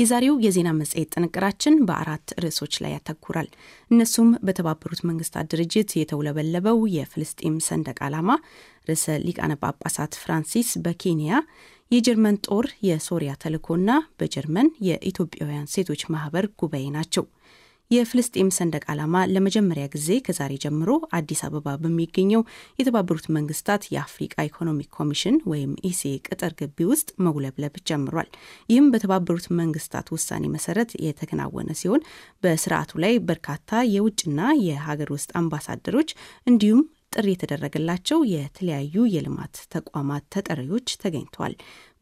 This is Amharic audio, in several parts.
የዛሬው የዜና መጽሔት ጥንቅራችን በአራት ርዕሶች ላይ ያተኩራል። እነሱም በተባበሩት መንግስታት ድርጅት የተውለበለበው የፍልስጤም ሰንደቅ ዓላማ፣ ርዕሰ ሊቃነ ጳጳሳት ፍራንሲስ በኬንያ፣ የጀርመን ጦር የሶሪያ ተልዕኮና በጀርመን የኢትዮጵያውያን ሴቶች ማህበር ጉባኤ ናቸው። የፍልስጤም ሰንደቅ ዓላማ ለመጀመሪያ ጊዜ ከዛሬ ጀምሮ አዲስ አበባ በሚገኘው የተባበሩት መንግስታት የአፍሪቃ ኢኮኖሚክ ኮሚሽን ወይም ኢሴ ቅጥር ግቢ ውስጥ መውለብለብ ጀምሯል። ይህም በተባበሩት መንግስታት ውሳኔ መሰረት የተከናወነ ሲሆን በስርዓቱ ላይ በርካታ የውጭና የሀገር ውስጥ አምባሳደሮች እንዲሁም ጥሪ የተደረገላቸው የተለያዩ የልማት ተቋማት ተጠሪዎች ተገኝተዋል።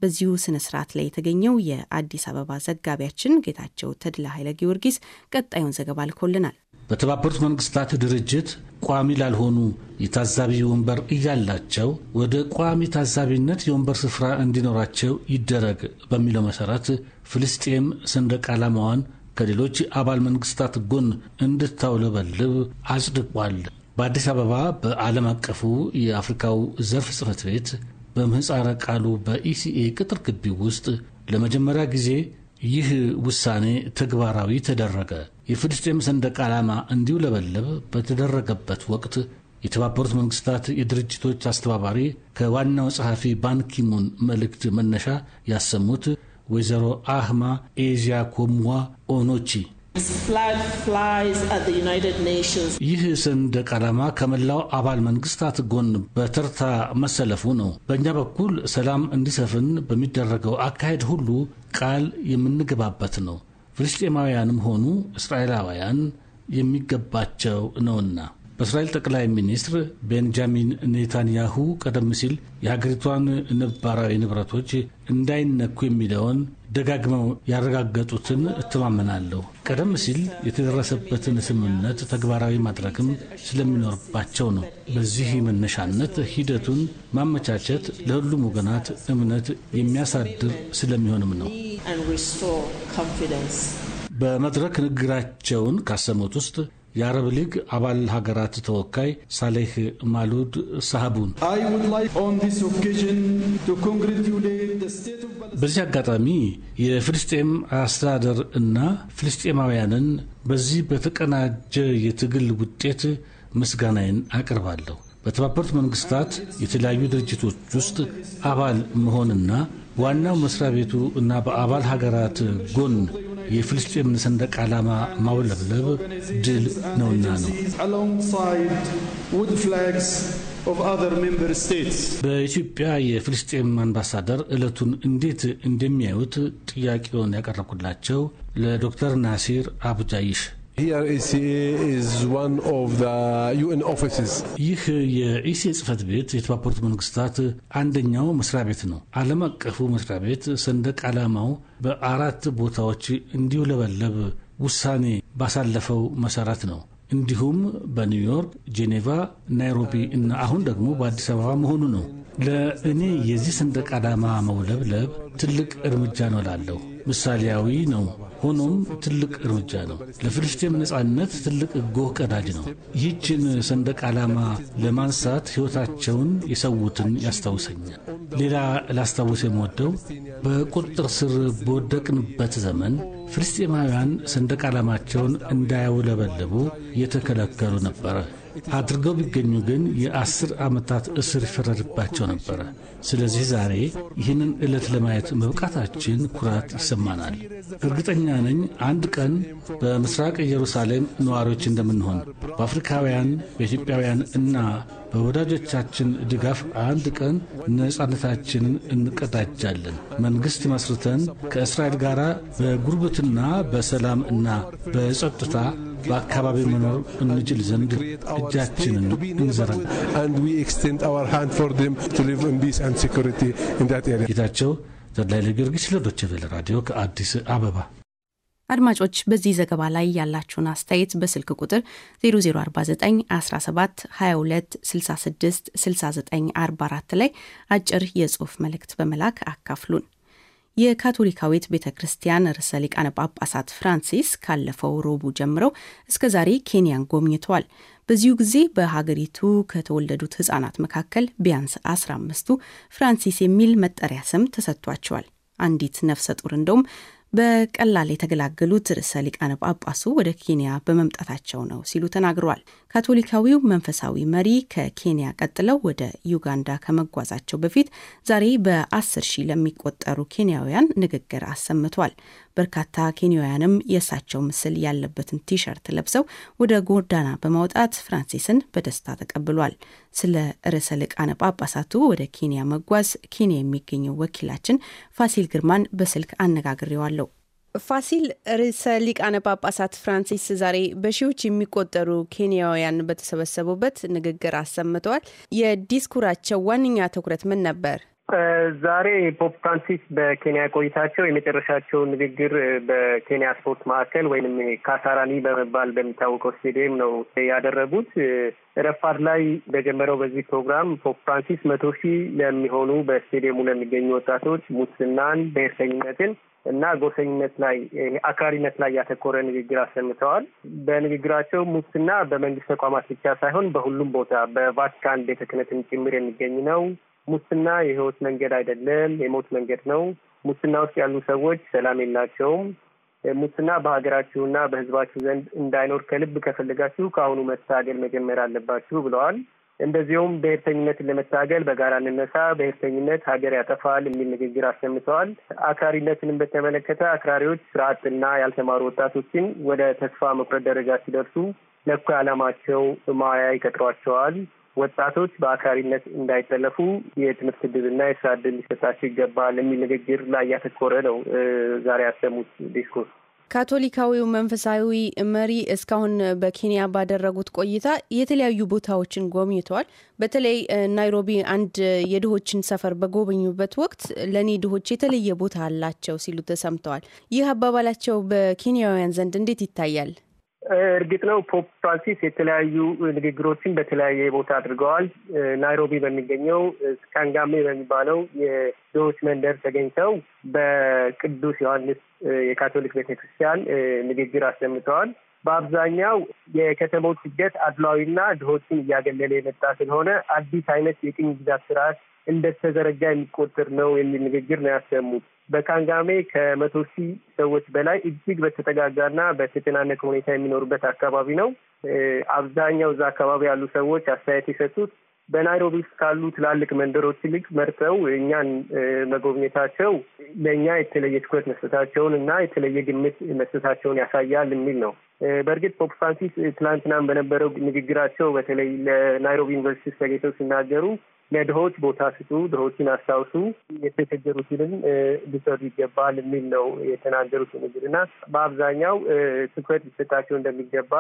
በዚሁ ስነ ስርዓት ላይ የተገኘው የአዲስ አበባ ዘጋቢያችን ጌታቸው ተድላ ኃይለ ጊዮርጊስ ቀጣዩን ዘገባ ልኮልናል። በተባበሩት መንግስታት ድርጅት ቋሚ ላልሆኑ የታዛቢ ወንበር እያላቸው ወደ ቋሚ ታዛቢነት የወንበር ስፍራ እንዲኖራቸው ይደረግ በሚለው መሰረት ፍልስጤም ሰንደቅ ዓላማዋን ከሌሎች አባል መንግስታት ጎን እንድታውለበልብ አጽድቋል። በአዲስ አበባ በዓለም አቀፉ የአፍሪካው ዘርፍ ጽፈት ቤት በምህፃረ ቃሉ በኢሲኤ ቅጥር ግቢ ውስጥ ለመጀመሪያ ጊዜ ይህ ውሳኔ ተግባራዊ ተደረገ። የፍልስጤም ሰንደቅ ዓላማ እንዲውለበለብ በተደረገበት ወቅት የተባበሩት መንግስታት የድርጅቶች አስተባባሪ ከዋናው ጸሐፊ ባንኪሙን መልእክት መነሻ ያሰሙት ወይዘሮ አህማ ኤዚያ ኮምዋ ኦኖቺ ይህ ሰንደቅ ዓላማ ከመላው አባል መንግስታት ጎን በተርታ መሰለፉ ነው። በእኛ በኩል ሰላም እንዲሰፍን በሚደረገው አካሄድ ሁሉ ቃል የምንገባበት ነው። ፍልስጤማውያንም ሆኑ እስራኤላውያን የሚገባቸው ነውና። በእስራኤል ጠቅላይ ሚኒስትር ቤንጃሚን ኔታንያሁ ቀደም ሲል የሀገሪቷን ነባራዊ ንብረቶች እንዳይነኩ የሚለውን ደጋግመው ያረጋገጡትን እተማመናለሁ። ቀደም ሲል የተደረሰበትን ስምምነት ተግባራዊ ማድረግም ስለሚኖርባቸው ነው። በዚህ መነሻነት ሂደቱን ማመቻቸት ለሁሉም ወገናት እምነት የሚያሳድር ስለሚሆንም ነው። በመድረክ ንግግራቸውን ካሰሙት ውስጥ የአረብ ሊግ አባል ሀገራት ተወካይ ሳሌህ ማሉድ ሳህቡን በዚህ አጋጣሚ የፍልስጤም አስተዳደር እና ፍልስጤማውያንን በዚህ በተቀናጀ የትግል ውጤት ምስጋናዬን አቅርባለሁ። በተባበሩት መንግስታት የተለያዩ ድርጅቶች ውስጥ አባል መሆንና ዋናው መስሪያ ቤቱ እና በአባል ሀገራት ጎን የፍልስጤምን ሰንደቅ ዓላማ ማውለብለብ ድል ነውና ነው። በኢትዮጵያ የፍልስጤም አምባሳደር ዕለቱን እንዴት እንደሚያዩት ጥያቄውን ያቀረብኩላቸው ለዶክተር ናሲር አቡጃይሽ ይህ የኢሲኤ ጽህፈት ቤት የተባበሩት መንግስታት አንደኛው መስሪያ ቤት ነው። ዓለም አቀፉ መስሪያ ቤት ሰንደቅ ዓላማው በአራት ቦታዎች እንዲውለበለብ ውሳኔ ባሳለፈው መሰረት ነው። እንዲሁም በኒውዮርክ፣ ጄኔቫ፣ ናይሮቢ እና አሁን ደግሞ በአዲስ አበባ መሆኑ ነው። ለእኔ የዚህ ሰንደቅ ዓላማ መውለብለብ ትልቅ እርምጃ ነው እላለሁ። ምሳሌያዊ ነው። ሆኖም ትልቅ እርምጃ ነው። ለፍልስጤም ነጻነት ትልቅ ጎህ ቀዳጅ ነው። ይህችን ሰንደቅ ዓላማ ለማንሳት ሕይወታቸውን የሰዉትን ያስታውሰኛል። ሌላ ላስታውስ የምወደው በቁጥጥር ስር በወደቅንበት ዘመን ፍልስጤማውያን ሰንደቅ ዓላማቸውን እንዳያውለበልቡ የተከለከሉ ነበረ። አድርገው ቢገኙ ግን የአስር ዓመታት እስር ይፈረድባቸው ነበረ። ስለዚህ ዛሬ ይህንን ዕለት ለማየት መብቃታችን ኩራት ይሰማናል። እርግጠኛ ነኝ አንድ ቀን በምስራቅ ኢየሩሳሌም ነዋሪዎች እንደምንሆን በአፍሪካውያን፣ በኢትዮጵያውያን እና በወዳጆቻችን ድጋፍ አንድ ቀን ነጻነታችንን እንቀዳጃለን። መንግሥት መስርተን ከእስራኤል ጋር በጉርብትና በሰላም እና በጸጥታ በአካባቢ መኖር እንችል ዘንድ እጃችንን እንዘራለን። ጌታቸው ተድላይ ለጊዮርጊስ ለዶቼ ቬለ ራዲዮ ከአዲስ አበባ። አድማጮች በዚህ ዘገባ ላይ ያላችሁን አስተያየት በስልክ ቁጥር 0049 17 22 66 69 44 ላይ አጭር የጽሑፍ መልእክት በመላክ አካፍሉን። የካቶሊካዊት ቤተ ክርስቲያን ርዕሰ ሊቃነ ጳጳሳት ፍራንሲስ ካለፈው ሮቡ ጀምረው እስከ ዛሬ ኬንያን ጎብኝተዋል። በዚሁ ጊዜ በሀገሪቱ ከተወለዱት ሕጻናት መካከል ቢያንስ 15ቱ ፍራንሲስ የሚል መጠሪያ ስም ተሰጥቷቸዋል። አንዲት ነፍሰ ጡር እንደውም በቀላል የተገላገሉት ርዕሰ ሊቃነ ጳጳሱ ወደ ኬንያ በመምጣታቸው ነው ሲሉ ተናግረዋል። ካቶሊካዊው መንፈሳዊ መሪ ከኬንያ ቀጥለው ወደ ዩጋንዳ ከመጓዛቸው በፊት ዛሬ በአስር ሺህ ለሚቆጠሩ ኬንያውያን ንግግር አሰምቷል። በርካታ ኬንያውያንም የእሳቸው ምስል ያለበትን ቲሸርት ለብሰው ወደ ጎርዳና በማውጣት ፍራንሲስን በደስታ ተቀብሏል። ስለ ርዕሰ ሊቃነ ጳጳሳቱ ወደ ኬንያ መጓዝ ኬንያ የሚገኘው ወኪላችን ፋሲል ግርማን በስልክ አነጋግሬዋለሁ። ፋሲል፣ ርዕሰ ሊቃነ ጳጳሳት ፍራንሲስ ዛሬ በሺዎች የሚቆጠሩ ኬንያውያን በተሰበሰቡበት ንግግር አሰምተዋል። የዲስኩራቸው ዋነኛ ትኩረት ምን ነበር? ዛሬ ፖፕ ፍራንሲስ በኬንያ ቆይታቸው የመጨረሻቸውን ንግግር በኬንያ ስፖርት ማዕከል ወይም ካሳራኒ በመባል በሚታወቀው ስቴዲየም ነው ያደረጉት። ረፋድ ላይ በጀመረው በዚህ ፕሮግራም ፖፕ ፍራንሲስ መቶ ሺህ ለሚሆኑ በስቴዲየሙ ለሚገኙ ወጣቶች ሙስናን፣ ብሔርተኝነትን እና ጎሰኝነት ላይ አክራሪነት ላይ ያተኮረ ንግግር አሰምተዋል። በንግግራቸው ሙስና በመንግስት ተቋማት ብቻ ሳይሆን በሁሉም ቦታ በቫቲካን ቤተ ክህነትም ጭምር የሚገኝ ነው ሙስና የህይወት መንገድ አይደለም፣ የሞት መንገድ ነው። ሙስና ውስጥ ያሉ ሰዎች ሰላም የላቸውም። ሙስና በሀገራችሁና በህዝባችሁ ዘንድ እንዳይኖር ከልብ ከፈለጋችሁ ከአሁኑ መታገል መጀመር አለባችሁ ብለዋል። እንደዚሁም ብሔርተኝነትን ለመታገል በጋራ እንነሳ፣ ብሔርተኝነት ሀገር ያጠፋል የሚል ንግግር አሰምተዋል። አክራሪነትንም በተመለከተ አክራሪዎች ስርዓትና ያልተማሩ ወጣቶችን ወደ ተስፋ መቁረጥ ደረጃ ሲደርሱ ለኩ ዓላማቸው ማያ ይቀጥሯቸዋል። ወጣቶች በአክራሪነት እንዳይጠለፉ የትምህርት እድልና የስራ እድል ሊሰጣቸው ይገባል የሚል ንግግር ላይ ያተኮረ ነው ዛሬ ያሰሙት ዲስኮርስ። ካቶሊካዊው መንፈሳዊ መሪ እስካሁን በኬንያ ባደረጉት ቆይታ የተለያዩ ቦታዎችን ጎብኝተዋል። በተለይ ናይሮቢ አንድ የድሆችን ሰፈር በጎበኙበት ወቅት ለእኔ ድሆች የተለየ ቦታ አላቸው ሲሉ ተሰምተዋል። ይህ አባባላቸው በኬንያውያን ዘንድ እንዴት ይታያል? እርግጥ ነው ፖፕ ፍራንሲስ የተለያዩ ንግግሮችን በተለያየ ቦታ አድርገዋል። ናይሮቢ በሚገኘው ስካንጋሜ በሚባለው የድሆች መንደር ተገኝተው በቅዱስ ዮሐንስ የካቶሊክ ቤተክርስቲያን ንግግር አሰምተዋል። በአብዛኛው የከተሞች እድገት አድሏዊና ድሆችን እያገለለ የመጣ ስለሆነ አዲስ አይነት የቅኝ ግዛት ስርዓት እንደተዘረጋ የሚቆጠር ነው የሚል ንግግር ነው ያሰሙት። በካንጋሜ ከመቶ ሺህ ሰዎች በላይ እጅግ በተጠጋጋና በተጨናነቀ ሁኔታ የሚኖሩበት አካባቢ ነው። አብዛኛው እዛ አካባቢ ያሉ ሰዎች አስተያየት የሰጡት በናይሮቢ ውስጥ ካሉ ትላልቅ መንደሮች ይልቅ መርጠው እኛን መጎብኘታቸው ለእኛ የተለየ ትኩረት መስጠታቸውን እና የተለየ ግምት መስጠታቸውን ያሳያል የሚል ነው። በእርግጥ ፖፕ ፍራንሲስ ትላንትናም በነበረው ንግግራቸው በተለይ ለናይሮቢ ዩኒቨርሲቲ ውስጥ ተገኝተው ሲናገሩ ለድሆች ቦታ ስጡ፣ ድሆችን አስታውሱ፣ የተቸገሩትንም ሊሰሩ ይገባል የሚል ነው የተናገሩት ንግድ እና በአብዛኛው ትኩረት ሊሰጣቸው እንደሚገባ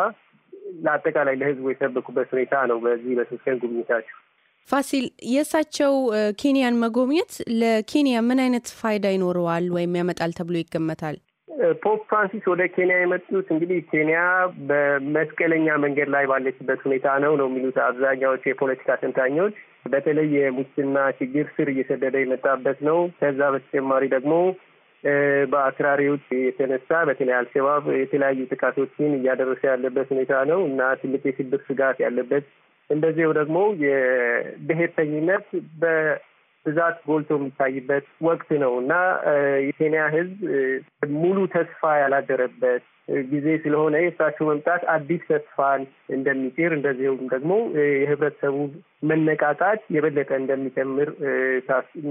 ለአጠቃላይ ለህዝቡ የሰበኩበት ሁኔታ ነው። በዚህ በሶስት ጉብኝታቸው ፋሲል፣ የእሳቸው ኬንያን መጎብኘት ለኬንያ ምን አይነት ፋይዳ ይኖረዋል ወይም ያመጣል ተብሎ ይገመታል? ፖፕ ፍራንሲስ ወደ ኬንያ የመጡት እንግዲህ ኬንያ በመስቀለኛ መንገድ ላይ ባለችበት ሁኔታ ነው ነው የሚሉት አብዛኛዎቹ የፖለቲካ ተንታኞች። በተለይ የሙስና ችግር ስር እየሰደደ የመጣበት ነው። ከዛ በተጨማሪ ደግሞ በአክራሪዎች የተነሳ በተለይ አልሸባብ የተለያዩ ጥቃቶችን እያደረሰ ያለበት ሁኔታ ነው እና ትልቅ የሽብር ስጋት ያለበት እንደዚሁ ደግሞ የብሄርተኝነት በ ብዛት ጎልቶ የሚታይበት ወቅት ነው እና የኬንያ ሕዝብ ሙሉ ተስፋ ያላደረበት ጊዜ ስለሆነ የእሳቸው መምጣት አዲስ ተስፋን እንደሚጭር እንደዚሁም ደግሞ የህብረተሰቡ መነቃቃት የበለጠ እንደሚጨምር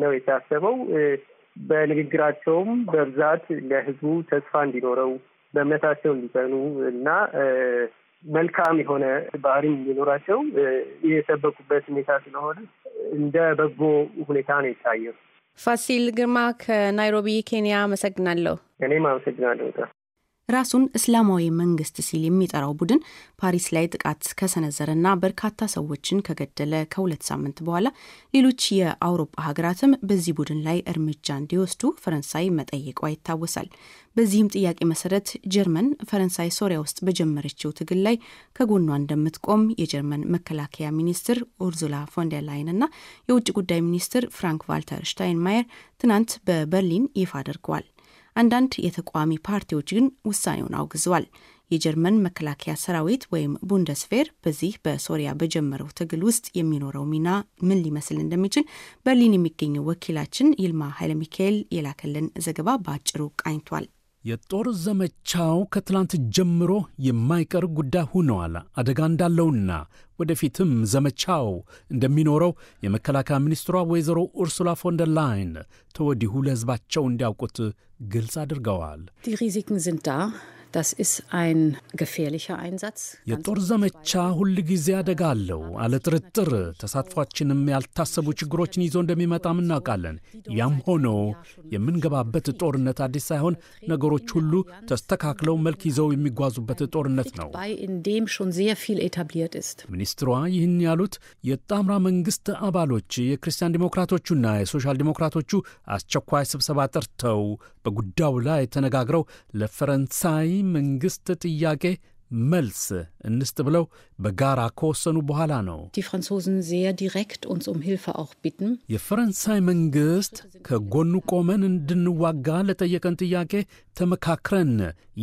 ነው የታሰበው። በንግግራቸውም በብዛት ለህዝቡ ተስፋ እንዲኖረው በእምነታቸው እንዲጸኑ እና መልካም የሆነ ባህሪም ሊኖራቸው የሰበኩበት ሁኔታ ስለሆነ እንደ በጎ ሁኔታ ነው የታየው። ፋሲል ግርማ ከናይሮቢ ኬንያ፣ አመሰግናለሁ። እኔም አመሰግናለሁ። ራሱን እስላማዊ መንግስት ሲል የሚጠራው ቡድን ፓሪስ ላይ ጥቃት ከሰነዘረና በርካታ ሰዎችን ከገደለ ከሁለት ሳምንት በኋላ ሌሎች የአውሮፓ ሀገራትም በዚህ ቡድን ላይ እርምጃ እንዲወስዱ ፈረንሳይ መጠየቋ ይታወሳል። በዚህም ጥያቄ መሰረት ጀርመን ፈረንሳይ ሶሪያ ውስጥ በጀመረችው ትግል ላይ ከጎኗ እንደምትቆም የጀርመን መከላከያ ሚኒስትር ኡርዙላ ፎንደር እና የውጭ ጉዳይ ሚኒስትር ፍራንክ ቫልተር ሽታይንማየር ትናንት በበርሊን ይፋ አድርገዋል። አንዳንድ የተቃዋሚ ፓርቲዎች ግን ውሳኔውን አውግዘዋል። የጀርመን መከላከያ ሰራዊት ወይም ቡንደስቬር በዚህ በሶሪያ በጀመረው ትግል ውስጥ የሚኖረው ሚና ምን ሊመስል እንደሚችል በርሊን የሚገኘው ወኪላችን ይልማ ኃይለ ሚካኤል የላከልን ዘገባ በአጭሩ ቃኝቷል። የጦር ዘመቻው ከትላንት ጀምሮ የማይቀር ጉዳይ ሆነዋል። አደጋ እንዳለውና ወደፊትም ዘመቻው እንደሚኖረው የመከላከያ ሚኒስትሯ ወይዘሮ ኡርሱላ ፎንደርላይን ተወዲሁ ለሕዝባቸው እንዲያውቁት ግልጽ አድርገዋል። የጦር ዘመቻ ሁል ጊዜ አደጋ አለው፣ አለ ጥርጥር። ተሳትፏችንም ያልታሰቡ ችግሮችን ይዞ እንደሚመጣም እናውቃለን። ያም ሆኖ የምንገባበት ጦርነት አዲስ ሳይሆን ነገሮች ሁሉ ተስተካክለው መልክ ይዘው የሚጓዙበት ጦርነት ነው። ሚኒስትሯ ይህን ያሉት የጣምራ መንግስት አባሎች የክርስቲያን ዲሞክራቶቹና የሶሻል ዲሞክራቶቹ አስቸኳይ ስብሰባ ጠርተው በጉዳዩ ላይ ተነጋግረው ለፈረንሳይ መንግሥት ጥያቄ መልስ እንስጥ ብለው በጋራ ከወሰኑ በኋላ ነው። um የፈረንሳይ መንግሥት ከጎኑ ቆመን እንድንዋጋ ለጠየቀን ጥያቄ ተመካክረን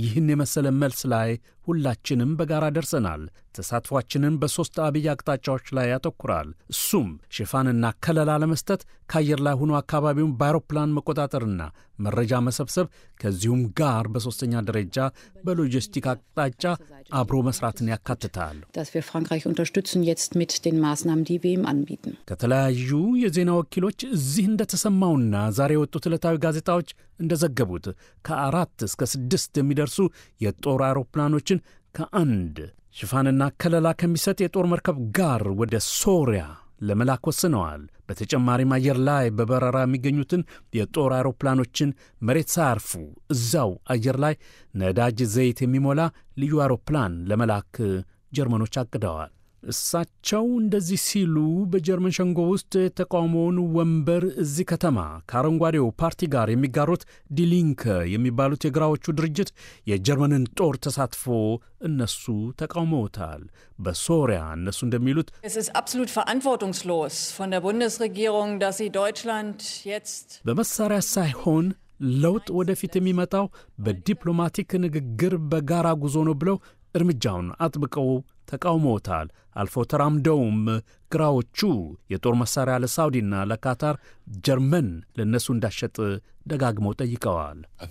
ይህን የመሰለ መልስ ላይ ሁላችንም በጋራ ደርሰናል። ተሳትፏችንን በሦስት አብይ አቅጣጫዎች ላይ ያተኩራል። እሱም ሽፋንና ከለላ ለመስጠት ከአየር ላይ ሆኖ አካባቢውን በአውሮፕላን መቆጣጠርና መረጃ መሰብሰብ፣ ከዚሁም ጋር በሦስተኛ ደረጃ በሎጂስቲክ አቅጣጫ አብሮ መስራትን ያካትታል። ከተለያዩ የዜና ወኪሎች እዚህ እንደተሰማውና ዛሬ የወጡት ዕለታዊ ጋዜጣዎች እንደዘገቡት ከአራት እስከ ስድስት የሚደርሱ የጦር አውሮፕላኖችን ከአንድ ሽፋንና ከለላ ከሚሰጥ የጦር መርከብ ጋር ወደ ሶሪያ ለመላክ ወስነዋል። በተጨማሪም አየር ላይ በበረራ የሚገኙትን የጦር አውሮፕላኖችን መሬት ሳያርፉ እዛው አየር ላይ ነዳጅ ዘይት የሚሞላ ልዩ አውሮፕላን ለመላክ ጀርመኖች አቅደዋል። እሳቸው እንደዚህ ሲሉ በጀርመን ሸንጎ ውስጥ የተቃውሞውን ወንበር እዚህ ከተማ ከአረንጓዴው ፓርቲ ጋር የሚጋሩት ዲሊንክ የሚባሉት የግራዎቹ ድርጅት የጀርመንን ጦር ተሳትፎ እነሱ ተቃውመውታል። በሶሪያ እነሱ እንደሚሉት በመሳሪያ ሳይሆን ለውጥ ወደፊት የሚመጣው በዲፕሎማቲክ ንግግር በጋራ ጉዞ ነው ብለው እርምጃውን አጥብቀው ተቃውመውታል። አልፎ ተራምደውም ግራዎቹ የጦር መሣሪያ ለሳውዲና ለካታር ጀርመን ለእነሱ እንዳሸጥ ደጋግመው ጠይቀዋል። uh,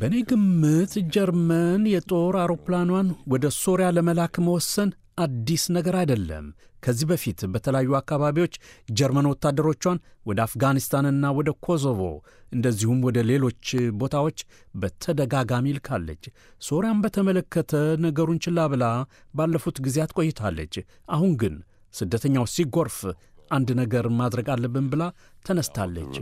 በእኔ ግምት ጀርመን የጦር አውሮፕላኗን ወደ ሶሪያ ለመላክ መወሰን አዲስ ነገር አይደለም። ከዚህ በፊት በተለያዩ አካባቢዎች ጀርመን ወታደሮቿን ወደ አፍጋኒስታንና ወደ ኮሶቮ እንደዚሁም ወደ ሌሎች ቦታዎች በተደጋጋሚ ልካለች። ሶሪያን በተመለከተ ነገሩን ችላ ብላ ባለፉት ጊዜያት ቆይታለች። አሁን ግን ስደተኛው ሲጎርፍ አንድ ነገር ማድረግ አለብን ብላ ተነስታለች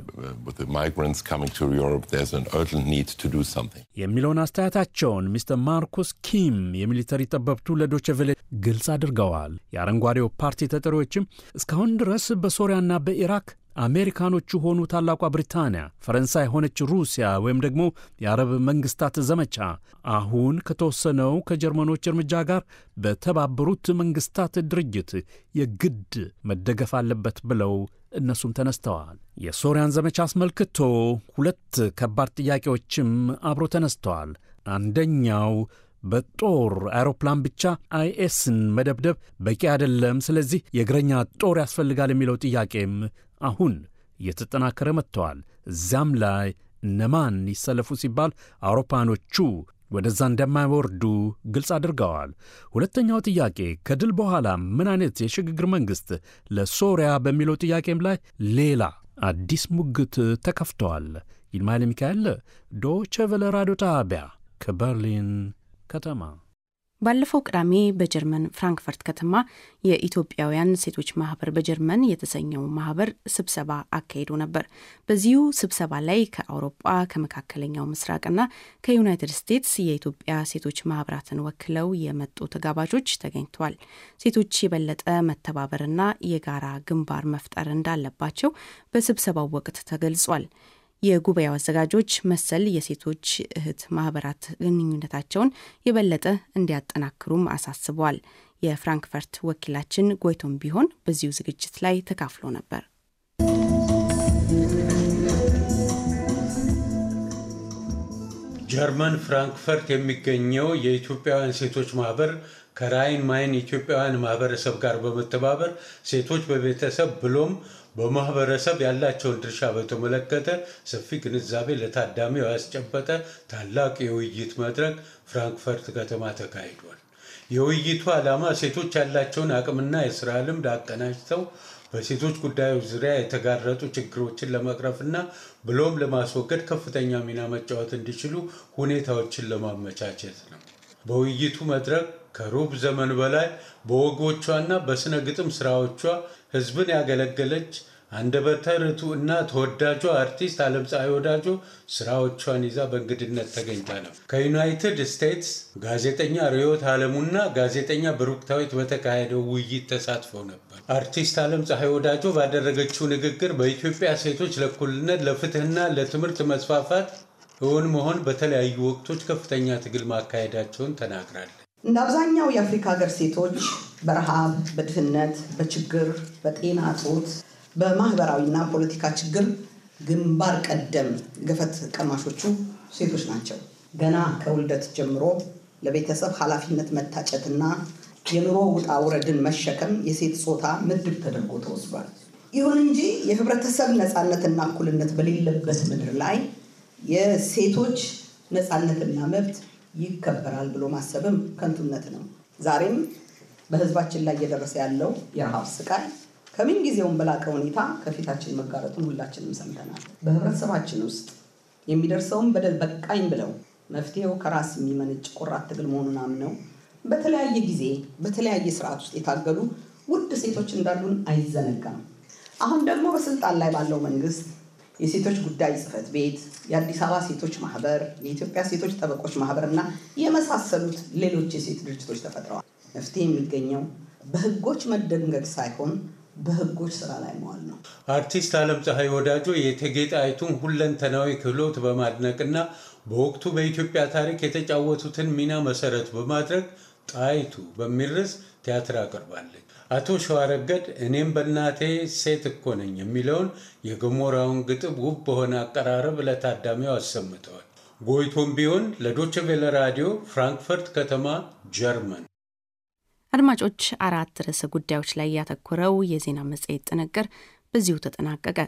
የሚለውን አስተያየታቸውን ሚስተር ማርኩስ ኪም የሚሊተሪ ጠበብቱ ለዶችቬሌ ግልጽ አድርገዋል። የአረንጓዴው ፓርቲ ተጠሪዎችም እስካሁን ድረስ በሶሪያና በኢራክ አሜሪካኖቹ ሆኑ ታላቋ ብሪታንያ፣ ፈረንሳይ ሆነች ሩሲያ ወይም ደግሞ የአረብ መንግስታት ዘመቻ አሁን ከተወሰነው ከጀርመኖች እርምጃ ጋር በተባበሩት መንግስታት ድርጅት የግድ መደገፍ አለበት ብለው እነሱም ተነስተዋል። የሶሪያን ዘመቻ አስመልክቶ ሁለት ከባድ ጥያቄዎችም አብሮ ተነስተዋል። አንደኛው በጦር አውሮፕላን ብቻ አይኤስን መደብደብ በቂ አይደለም፣ ስለዚህ የእግረኛ ጦር ያስፈልጋል የሚለው ጥያቄም አሁን እየተጠናከረ መጥተዋል። እዚያም ላይ እነማን ይሰለፉ ሲባል አውሮፓኖቹ ወደዛ እንደማይወርዱ ግልጽ አድርገዋል። ሁለተኛው ጥያቄ ከድል በኋላ ምን አይነት የሽግግር መንግሥት ለሶሪያ በሚለው ጥያቄም ላይ ሌላ አዲስ ሙግት ተከፍተዋል። ይልማይል ሚካኤል ዶቸቨለ ራዲዮ ጣቢያ ከበርሊን ከተማ ባለፈው ቅዳሜ በጀርመን ፍራንክፈርት ከተማ የኢትዮጵያውያን ሴቶች ማህበር በጀርመን የተሰኘው ማህበር ስብሰባ አካሂዶ ነበር። በዚሁ ስብሰባ ላይ ከአውሮጳ ከመካከለኛው ምስራቅና ከዩናይትድ ስቴትስ የኢትዮጵያ ሴቶች ማህበራትን ወክለው የመጡ ተጋባዦች ተገኝተዋል። ሴቶች የበለጠ መተባበርና የጋራ ግንባር መፍጠር እንዳለባቸው በስብሰባው ወቅት ተገልጿል። የጉባኤው አዘጋጆች መሰል የሴቶች እህት ማህበራት ግንኙነታቸውን የበለጠ እንዲያጠናክሩም አሳስበዋል። የፍራንክፈርት ወኪላችን ጎይቶም ቢሆን በዚሁ ዝግጅት ላይ ተካፍሎ ነበር። ጀርመን ፍራንክፈርት የሚገኘው የኢትዮጵያውያን ሴቶች ማህበር ከራይን ማይን ኢትዮጵያውያን ማህበረሰብ ጋር በመተባበር ሴቶች በቤተሰብ ብሎም በማህበረሰብ ያላቸውን ድርሻ በተመለከተ ሰፊ ግንዛቤ ለታዳሚው ያስጨበጠ ታላቅ የውይይት መድረክ ፍራንክፈርት ከተማ ተካሂዷል። የውይይቱ ዓላማ ሴቶች ያላቸውን አቅምና የስራ ልምድ አቀናጅተው በሴቶች ጉዳዮች ዙሪያ የተጋረጡ ችግሮችን ለመቅረፍና ብሎም ለማስወገድ ከፍተኛ ሚና መጫወት እንዲችሉ ሁኔታዎችን ለማመቻቸት ነው። በውይይቱ መድረክ ከሩብ ዘመን በላይ በወጎቿና በሥነ ግጥም ሥራዎቿ ሕዝብን ያገለገለች አንደበተ ርቱዕ እና ተወዳጇ አርቲስት አለምፀሐይ ወዳጆ ስራዎቿን ይዛ በእንግድነት ተገኝታ ነው። ከዩናይትድ ስቴትስ ጋዜጠኛ ርዕዮት አለሙና ጋዜጠኛ ብሩክታዊት በተካሄደው ውይይት ተሳትፈው ነበር። አርቲስት አለምፀሐይ ወዳጆ ባደረገችው ንግግር በኢትዮጵያ ሴቶች ለእኩልነት ለፍትህና ለትምህርት መስፋፋት እውን መሆን በተለያዩ ወቅቶች ከፍተኛ ትግል ማካሄዳቸውን ተናግራለች። እንደ አብዛኛው የአፍሪካ ሀገር ሴቶች በረሃብ፣ በድህነት፣ በችግር፣ በጤና ጦት በማህበራዊና ፖለቲካ ችግር ግንባር ቀደም ገፈት ቀማሾቹ ሴቶች ናቸው። ገና ከውልደት ጀምሮ ለቤተሰብ ኃላፊነት መታጨትና የኑሮ ውጣ ውረድን መሸከም የሴት ጾታ ምድብ ተደርጎ ተወስዷል። ይሁን እንጂ የህብረተሰብ ነፃነትና እኩልነት በሌለበት ምድር ላይ የሴቶች ነፃነትና መብት ይከበራል ብሎ ማሰብም ከንቱነት ነው። ዛሬም በህዝባችን ላይ እየደረሰ ያለው የረሃብ ስቃይ ከምን ጊዜውም በላቀ ሁኔታ ከፊታችን መጋረጡን ሁላችንም ሰምተናል። በህብረተሰባችን ውስጥ የሚደርሰውን በደል በቃኝ ብለው መፍትሄው ከራስ የሚመነጭ ቆራጥ ትግል መሆኑን አምነው በተለያየ ጊዜ በተለያየ ስርዓት ውስጥ የታገሉ ውድ ሴቶች እንዳሉን አይዘነጋም። አሁን ደግሞ በስልጣን ላይ ባለው መንግስት የሴቶች ጉዳይ ጽፈት ቤት፣ የአዲስ አበባ ሴቶች ማህበር፣ የኢትዮጵያ ሴቶች ጠበቆች ማህበር እና የመሳሰሉት ሌሎች የሴት ድርጅቶች ተፈጥረዋል። መፍትሄ የሚገኘው በህጎች መደንገግ ሳይሆን በህጎች ስራ ላይ መዋል ነው። አርቲስት አለም ፀሐይ ወዳጆ የተጌጣይቱን ሁለንተናዊ ክህሎት በማድነቅና በወቅቱ በኢትዮጵያ ታሪክ የተጫወቱትን ሚና መሰረት በማድረግ ጣይቱ በሚል ርዕስ ቲያትር አቅርባለች። አቶ ሸዋረገድ እኔም በእናቴ ሴት እኮ ነኝ የሚለውን የገሞራውን ግጥም ውብ በሆነ አቀራረብ ለታዳሚው አሰምተዋል። ጎይቶም ቢሆን ለዶች ቬለ ራዲዮ ፍራንክፈርት ከተማ ጀርመን። አድማጮች፣ አራት ርዕሰ ጉዳዮች ላይ ያተኮረው የዜና መጽሔት ጥንቅር በዚሁ ተጠናቀቀ።